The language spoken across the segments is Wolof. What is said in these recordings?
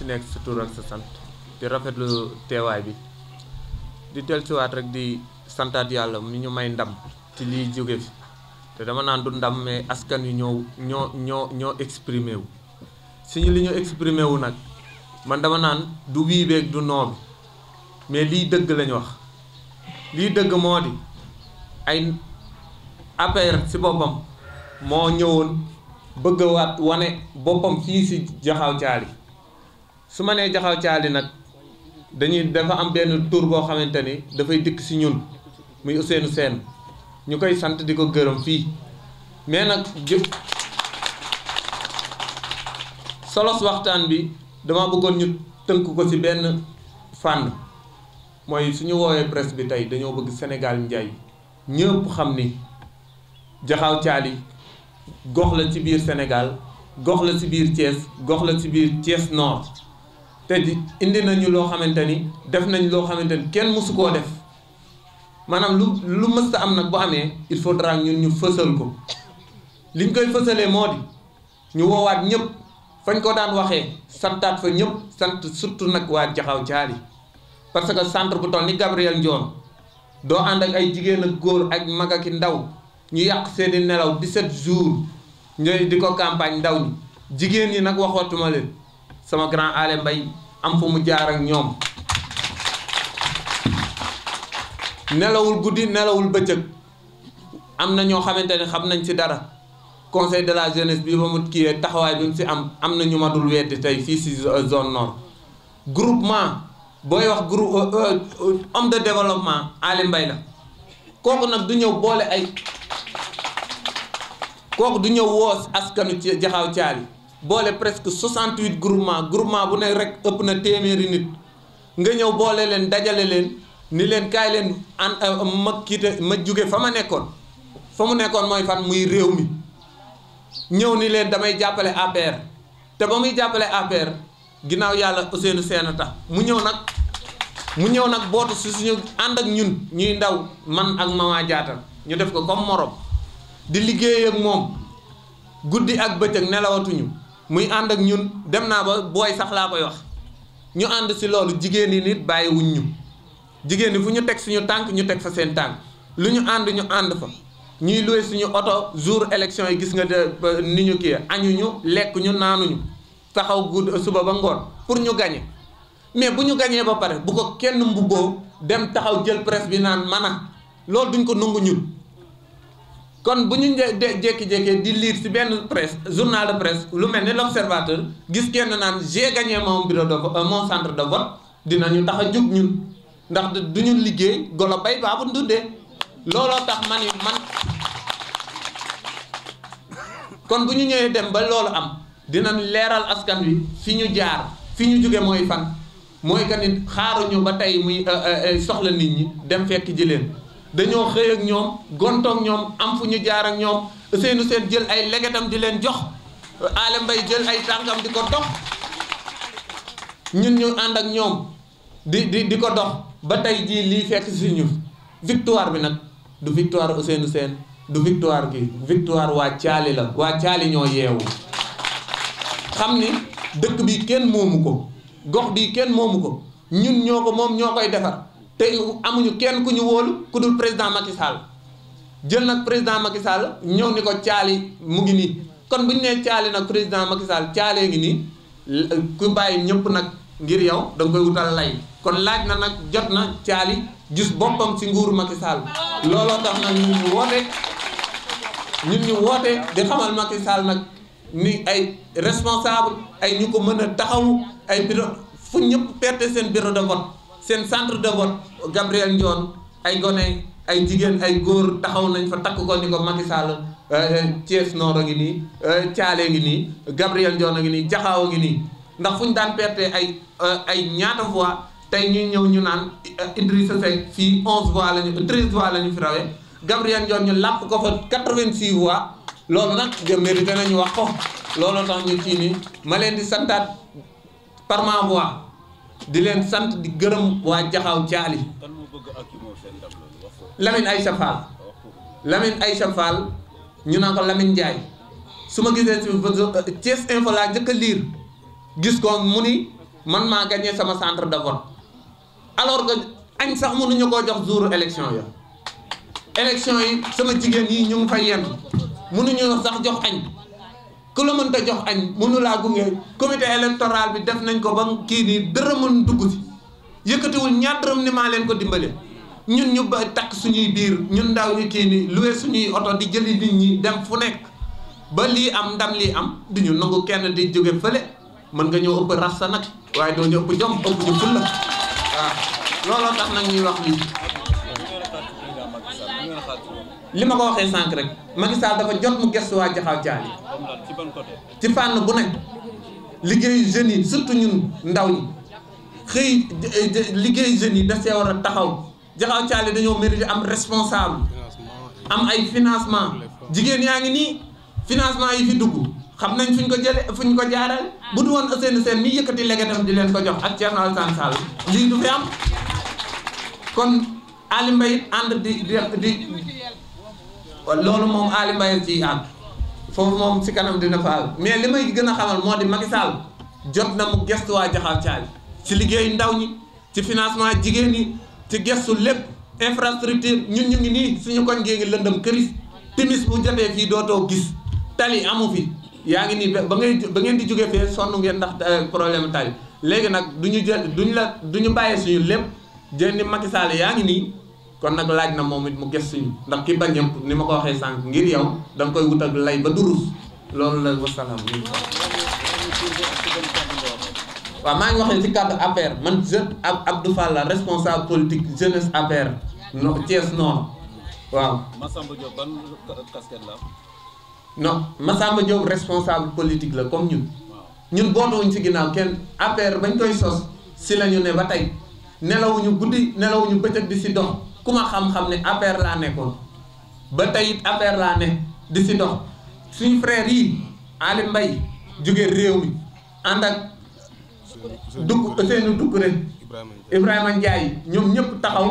ci nekk sa tur ak sa sant di rafetlu teewaay bi di dellusiwaat rek di santaat yàlla mi ñu may ndam ci lii jóge fi te dama naan du ndam mais askan wi ñoo ñoo ñoo ñoo exprimer wu suñu li ñu exprimer wu nag man dama naan du wii du noo bi mais lii dëgg lañu wax lii dëgg moo di ay APR si boppam moo ñëwoon bëgg waat wane boppam fii si jaxaw caali su ma nee jaxaw caali nag dañuy dafa am benn tur boo xamante ni dafay dikk ci ñun muy Ousseynou Sène ñu koy sant di ko gërëm fii mais nag jëf solos waxtaan bi dama bëggoon ñu tënk ko ci benn fànn mooy suñu woowee presse bi tey dañoo bëgg senegal njaay ñëpp xam ni jaxaw caali gox la ci biir senegal gox la ci biir Thiès gox la ci biir Thiès Nord te indi nañu loo xamante ni def nañ loo xamante ni kenn mosu koo def maanaam lu lu mës am nag bu amee il faudra ñun ñu fësal ko liñ koy fësalee moo di ñu woowaat ñëpp fañ ko daan waxee santaat fa ñëpp sant surtout nag waa jaxaw jaali parce que centre bu toll ni Gabriel Ndione doo ànd ak ay jigéen ak góor ak mag ak ndaw ñu yàq seeni nelaw 17 jours ñooy di ko campagne ndaw ñi jigéen ñi nag waxootuma leen sama grand ale mbay am fu mu jaar ak ñoom nelawul guddi nelawul bëccëg am na ñoo xamante ne xam nañ ci dara conseil de la jeunesse bi ba mu kiiyee taxawaay bi mu si am am na ñu ma dul weddi tey fii si zone nord groupement booy wax groupe euh, euh, homme de développement Ali mbay na kooku nag du ñëw boole ay kooku du ñëw woos askanu jaxaw caali boole presque 68 groupement groupement bu nekk rek ëpp na téeméeri nit nga ñëw boole leen dajale leen ni leen kaay leen an euh, ma kiite ma jóge fa ma nekkoon fa mu nekkoon mooy fan muy réew mi ñëw ni leen damay jàppale APR te ba muy jàppale APR ginnaaw yàlla Ousseynou Sène tax mu ñëw nag mu ñëw nag bootu si suñu ànd ak ñun ñuy ndaw man ak Mama Diatta ñu def ko comme morom di liggéey ak moom guddi ak bëccëg nelawatuñu muy ànd ak ñun dem naa ba booy sax laa koy wax ñu ànd si loolu jigéen yi nit bàyyiwuñ ñu jigéen yi fu ñu teg suñu tànk ñu teg fa seen tànk lu ñu ànd ñu ànd fa ñuy loué suñu oto jour élection yi gis nga de ni ñu kii añuñu lekk ñu naanuñu taxaw gudd suba ba ngoon pour ñu gañe mais bu ñu gañee ba pare bu ko kenn mbubboo dem taxaw jël presse bi naan mana loolu duñ ko nungu ñun kon bu ñu jékki-jékkee di lire ci benn presse journal de presse lu mel ni l'observateur gis kenn naan j'ai gagné mon bureau de euh, mon centre de vote dinañu tax a jug ñun ndax du ñu liggéey golo bay baabu nduddee looloo tax ma yi man kon bu ñu ñëwee dem ba loolu am dinañ leeral askan wi fi ñu jaar fi ñu jóge mooy fan mooy que nit xaaruñu ba tey muy euh, euh, soxla nit ñi dem fekk ji leen dañoo xëy ak ñoom gontoog ñoom am fu ñu jaar ak ñoom seenu seen jël ay legetam di leen jox ale mbay jël ay tànkam di ko dox ñun ñu ànd ak ñoom di di di ko dox ba tey jii lii fekk si ñu victoire bi nag du victoire seenu seen du victoire gi victoire waa caali la waa caali ñoo yeewu xam ni dëkk bi kenn moomu ko gox bi kenn moomu ko ñun ñoo ko moom ñoo koy defar te amuñu kenn ku ñu wóolu ku dul président Macky Sall jël nag président Macky Sall ñëw ni ko caali mu ngi nii kon bu ñu nee caali nag président Macky Sall caalee ngi nii ku bàyyi ñëpp nag ngir yow da nga koy wutal lay kon laaj na nag jot na caali gis boppam ci nguuru Macky Sall looloo tax nag ñun ñu woote ñun ñu woote di xamal Macky Sall nag ni ay responsable ay ñu ko mën a taxawu ay bureau fu ñëpp perte seen biro de seen centre de vote Gabriel Ndione ay gone ay jigéen ay góor taxaw nañ fa takk ko ni ko Macky Sall euh, euh, Thiès Nord a ngi nii caale euh, ngi nii Gabriel Ndione a ngi nii Diakhao ngi nii ndax fu ñu daan perte ay ay ñaata voix tey ñuy ñëw ñu naan Idrissa Seck fii onze voix la ñu treize voix la ñu fi rawee Gabriel Ndione ñu làpp ko fa quatre-vingt-six voix loolu nag mérité nañu wax ko looloo tax ñu fii nii ma leen di santaat par ma voix di leen sant di gërëm waa jaxaaw caali Lamine Aïcha Fall ay Aïcha Fall ñu naan ko Lamine Ndiaye su ma gisee si Thiès Info laa njëkk a lire gis ko mu ni man maa gagné sama centre de vote alors que añ sax mënuñu koo jox jour élection yo élection yi sama jigéen yi ñu ngi fa yenn mënuñu sax jox añ ku la mënta jox añ mënu laa gunge comité électoral bi def nañ ko ba kii nii dërëmën dugg ci yëkkatiwul ñaar dërëm ni maa leen ko dimbale ñun ñu ba takk suñuy biir ñun ndaw ñu kii nii luwe suñuy oto di jëli nit ñi dem fu nekk ba lii am ndam lii am du ñu nangu kenn di jóge fële mën nga ñëw ëpp rasta nag waaye doo ñu ëpp jom ëpp ñu fulla waaw looloo tax nag ñuy wax lii li ma ko waxee sànq rek Macky Sall dafa jot mu gëstu waa Jaxaaw Caali ci fànn bu nekk liggéey jeunes yi surtout ñun ndaw ñi xëy liggéey jeunes yi daf see war a taxaw Jaxaaw Caali dañoo mérité am responsable am ay financement jigéen yaa ngi nii financement yi fi dugg xam nañ fuñ ko jële ñu ko jaaral bu du woon Ousseynou Sène mi yëkkati legetam di leen ko jox ak Thierno Alassane Sall lii du fi am kon Ali Mbaye ànd di di loolu moom Aly Mbaye ci ànd foofu moom si kanam dina fa àgg mais li may gën a xamal moo di Macky Sall jot na mu gestu waa Jaxaw Caali ci liggéeyu ndaw ñi ci financement jigéen ñi ci gestu lépp infrastructure ñun ñu ngi nii suñu koñ gee ngi lëndëm këris timis bu jotee fii dootoo gis tali amu fi yaa ngi nii ba ngay ba ngeen di jóge fee sonn ngeen ndax euh, problème tali léegi nag du ñu jël duñu la du ñu bàyyee suñu lépp jëndi Macky Sall yaa ngi nii kon nag laaj na moom it mu gëstu ñu ndax ki bañ yëpp ni ma ko waxee sànq ngir yow da nga koy wut ak lay ba durus loolu la wasalaam waaw maa ngi waxee ci cadre APR man je Abdou Fall la responsable politique jeunesse APR no Thiès Nord waaw Massamba Diop ban casquette la non Massamba Diop responsable politique la comme ñun ñun bootuwuñ ci ginnaaw kenn APR bañ koy sos si la ñu ne ba tey nelawuñu guddi nelawuñu bëccëg di si dox ku ma xam-xam ne APR laa nekkoon ba tey it APR laa ne di si dox suñu frère yi Ali mbay jóge réew mi ànd ak dugg Ousseynou Doucouré Ibrahima Ndiaye ñoom ñëpp taxaw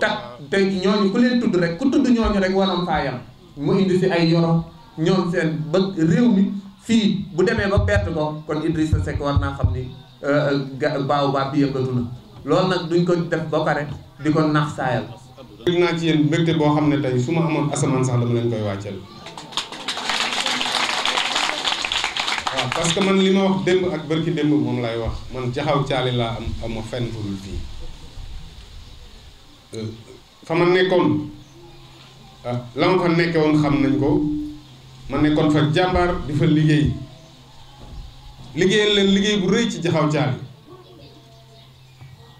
takk te ñooñu ku leen tudd rek ku tudd ñooñu rek waroon faa yam mu indi si ay yoro ñoom seen ba réew mi fii bu demee ba perte ko kon Idrissa Seck war naa xam ni euh, euh, baaw baa bi yëngatu na loolu nag duñ ko def ba pare di ko nax saayal. yëg naa ci yéen mbégte boo xam ne tey su ma amoon asamaan sax dama leen koy wàcceel. waaw parce que man li ma wax démb ak bërki démb moom laay wax man jaxaw caali laa am am ma fenn fu dul fii euh, fa ma nekkoon ah, la ma fa nekke woon xam nañ ko ma nekkoon fa jàmbaar di fa liggéey liggéeyal leen liggéey bu rëy ci jaxaw caali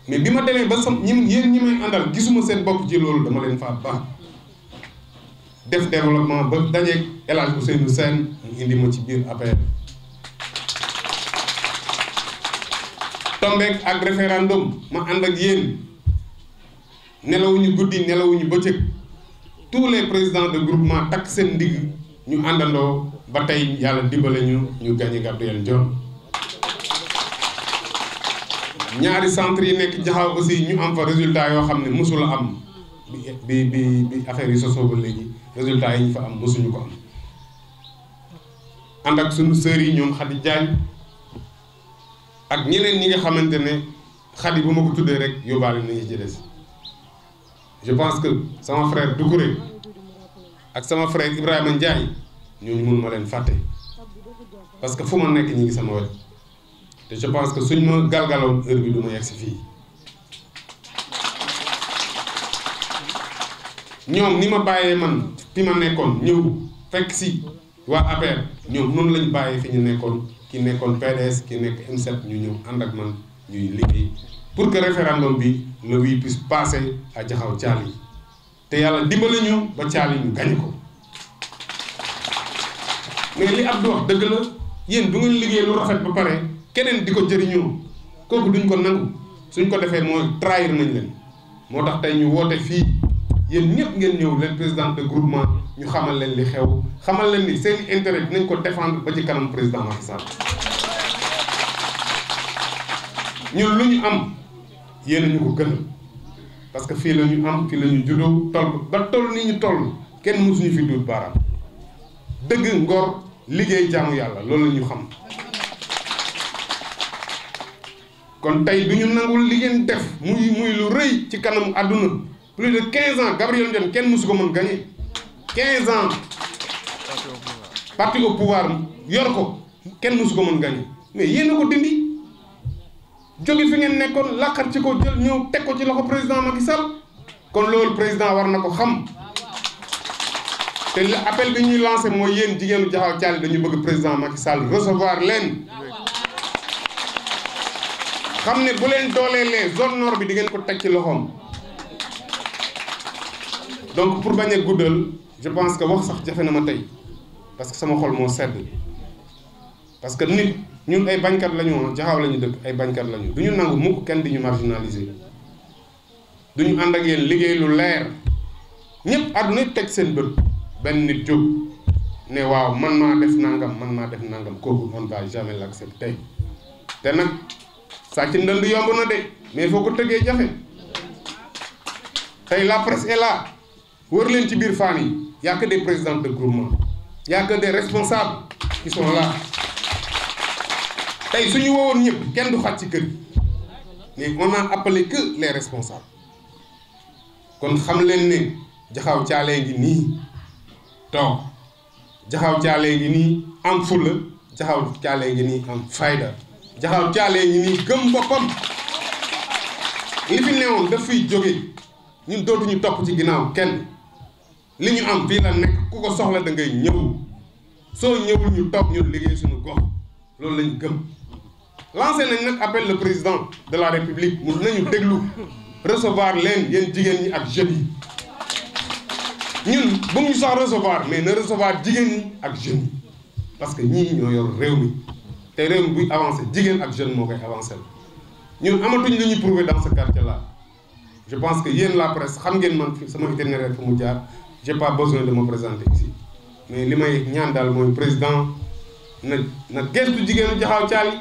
mais bi ma demee ba sam ñi yéen ñi may àndal gisuma seen bopp ci loolu dama leen fa baax def développement ba dajeeg El Hadj Ousseynou Sène mu indi ma ci biir APR tombeek ak référendum ma ànd ak yéen nelawuñu guddi nelawuñu bëccëg tous les présidents de groupement takk seen ndigg ñu àndandoo ba tey yàlla dimbale ñu ñu gagné Gabriel Dione ñaari centre yi nekk jaxaw aussi ñu am fa résultat yoo xam ne mosul a am bi bi bi affaire yi sosoo ba léegi résultat yi ñu fa am mosuñu ko am ànd ak suñu sœurs yi ñoom Khady Diagne ak ñeneen ñi nga xamante ne Khady bu ma ko tuddee rek yóbbaale nañu ci des je pense que sama frère Doucouré ak sama frère Ibrahima Ndiaye ñooñu mun ma leen fàtte parce que fu ma nekk ñi ngi sama wet te je pense que suñ ma galgaloon heure bi du ma si fii ñoom ni ma bàyyee man fi ma nekkoon ñëw fekk si waa APR ñoom noonu lañ bàyyee fi ñu nekkoon ki nekkoon PDS ki nekk m ñu ñëw ànd ak man ñuy liggéey pour que référendum bi le oui puisse passer a Diakhao Thialy te yàlla dimbali ñu ba Thialy ñu gañ ko mais li Abdou wax dëgg la yéen du ngeen liggéey lu rafet ba pare. keneen di ko jëriñoo kooku duñ ko nangu suñ ko defee mooy trahir nañ leen moo tax tey ñu woote fii yéen ñëpp ngeen ñëw leen président de groupement ñu xamal leen li xew xamal leen ni seen intérêt nañ ko défendre ba ci kanam président Macky Sall ñun lu ñu am yéen ñu ko gënal parce que fii lañu ñu am fii la ñu juddoo toll ba toll ni ñu toll kenn mësuñu fi duut baaraam dëgg ngor liggéey jaamu yàlla loolu la ñu xam. kon tey du ñu nangul li ngeen def muy muy lu rëy ci kanamu àdduna plus de 15 ans Gabriel Ndione kenn musu ko mën gagné 15 ans parti au pouvoir yor ko kenn mosu ko mën gagné mais yéen a ko dindi jóge fi ngeen nekkoon làqar ci ko jël ñëw teg ko ci loxo président Macky Sall kon loolu président war na ko xam te appel bi ñuy lancé mooy yéen jigéenu Jaxaw Caali dañuy bëgg président Macky Sall recevoir leen. xam ne bu leen dooleelee zone nord bi di ngeen ko teg ci loxoom donc pour bañ a guddal je pense que wax sax jafe na ma tey parce que sama xol moo sedd parce que nit ñun ay bañkat la ñu woon la ñu dëkk ay bañkat la ñu du ñu nangu mukk kenn di ñu marginaliser du ñu ànd ak yéen liggéey lu leer ñëpp àdduna teg seen bët benn nit jóg ne waaw man maa def nangam man maa def nangam kooku on va jamais l'accepter te nag. sàcc ndënd yomb na de mais foo ko tëggee jafe tey la presse est là wër leen ci biir fan yi y a que de groupement y a que des responsables qui sont tey su ñu woowoon ñëpp kenn du xat ci kër gi mais on naa appelé que les responsables kon xam leen ne jaxaw caalee ngi nii toog jaxaw caalee ngi nii am fulla jaxaw caalee ngi nii am fayda jaxaw caalee ñi nii gëm boppam li fi newoon daf fiy jóge ñun ñu topp ci ginnaaw kenn li ñu am fii la nekk ku ko soxla da ngay ñëw soo ñëwul ñu topp ñu liggéey suñu gox loolu lañ gëm lancé nañ nag appel le président de la république mun nañu déglu recevoir leen yéen jigéen ñi ak jeunes yi ñun bu mu ñu sax recevoir mais na recevoir jigéen ñi ak jeunes yi parce que ñii ñoo yor réew mi te réew buy avancé jigéen ak jeune moo koy avancé la ñun amatuñ lu ñuy prouver dans ce quartier là je pense que yéen la presse xam ngeen man sama itinéraire fu mu jaar j'ai pas besoin de me présenter ici mais li may ñaan daal mooy président na na gestu jigéenu jaxaw caali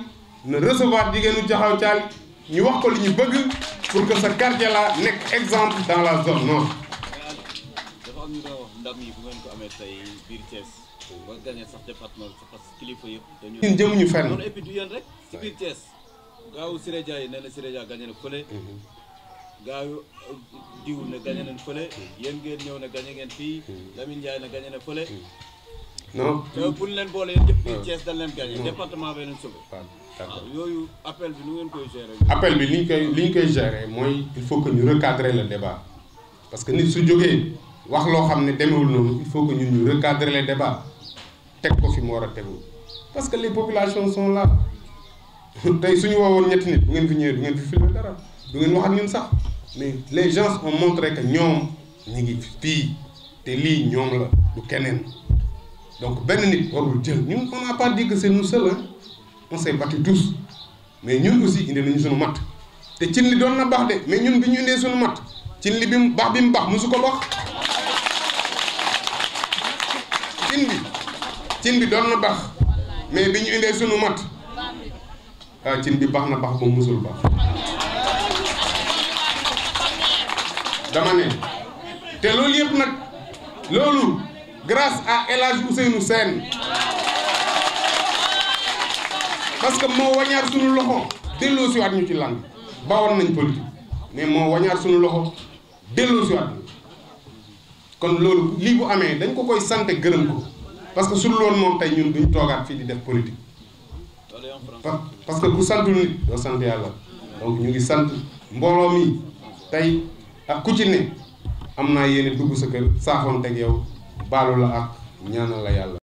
na recevoir jigéenu jaxaw caali ñu wax ko li ñu bëgg pour que sa quartier là nekk exemple dans la zone nord. dafa am ñu ko amee tey biir Thiès. ba gagné sax département bi parce que kilifa yëpp. dañu ñun jëmuñu fenn. loolu et du yéen rek. si biir Thiès. gaawu Siré Dia yi nee na Siré Dia gagné na fële. Mhm. gaawu diw mhm. ñëw na gagné ngeen fii. Mhm. Lamine Ndiaye na gagné na fële. non ñu leen boole yéen ñëpp leen gagné. département bi yooyu appel bi nu ngeen koy gérer. appel bi li ñu koy li koy gérer mooy il faut que ñu recadrer le débat parce que nit su jógee wax loo xam ne demewul noonu il faut que ñun ñu recadrer le teg ko fi mu war a tegu parce que les populations son là tey suñu woowoon ñetti nit bu ngeen fi ñëwee du ngeen fi filmer dara du ngeen wax ak sax mais les gens ont montré que ñoom ñi ngi fii te lii ñoom la du keneen donc benn nit warul jël ñu on n'a pas dit que c'est nous seuls mais ñun aussi indi nañu suñu matt te cin li doon na baax de mais ñun bi ñu indee suñu matt cin li bi mu baax bi mu baax mosu ko baax cin bi cin bi doon na baax mais bi ñu indee sunu mat waaw ah, cin bi baax na baax ba musul baax dama ne te loolu yëpp nag loolu grâce à El Hadj Ousseynou Sène parce que moo wañaar sunu loxo delloo si waat ñu ci làng bawoon nañ politique mais moo wañaar sunu loxo delloo si waat kon loolu lii bu amee dañ ko koy sant gërëm ko parce que su dul woon moom tey ñun duñ toogaat fii di def politique parce que ku santul nit doo sant yàlla donc ñu ngi sant mbooloo mi tey ak ku ci ne am naa yéene dugg sa kër saafoon teg yow baalu la ak ñaanal la yàlla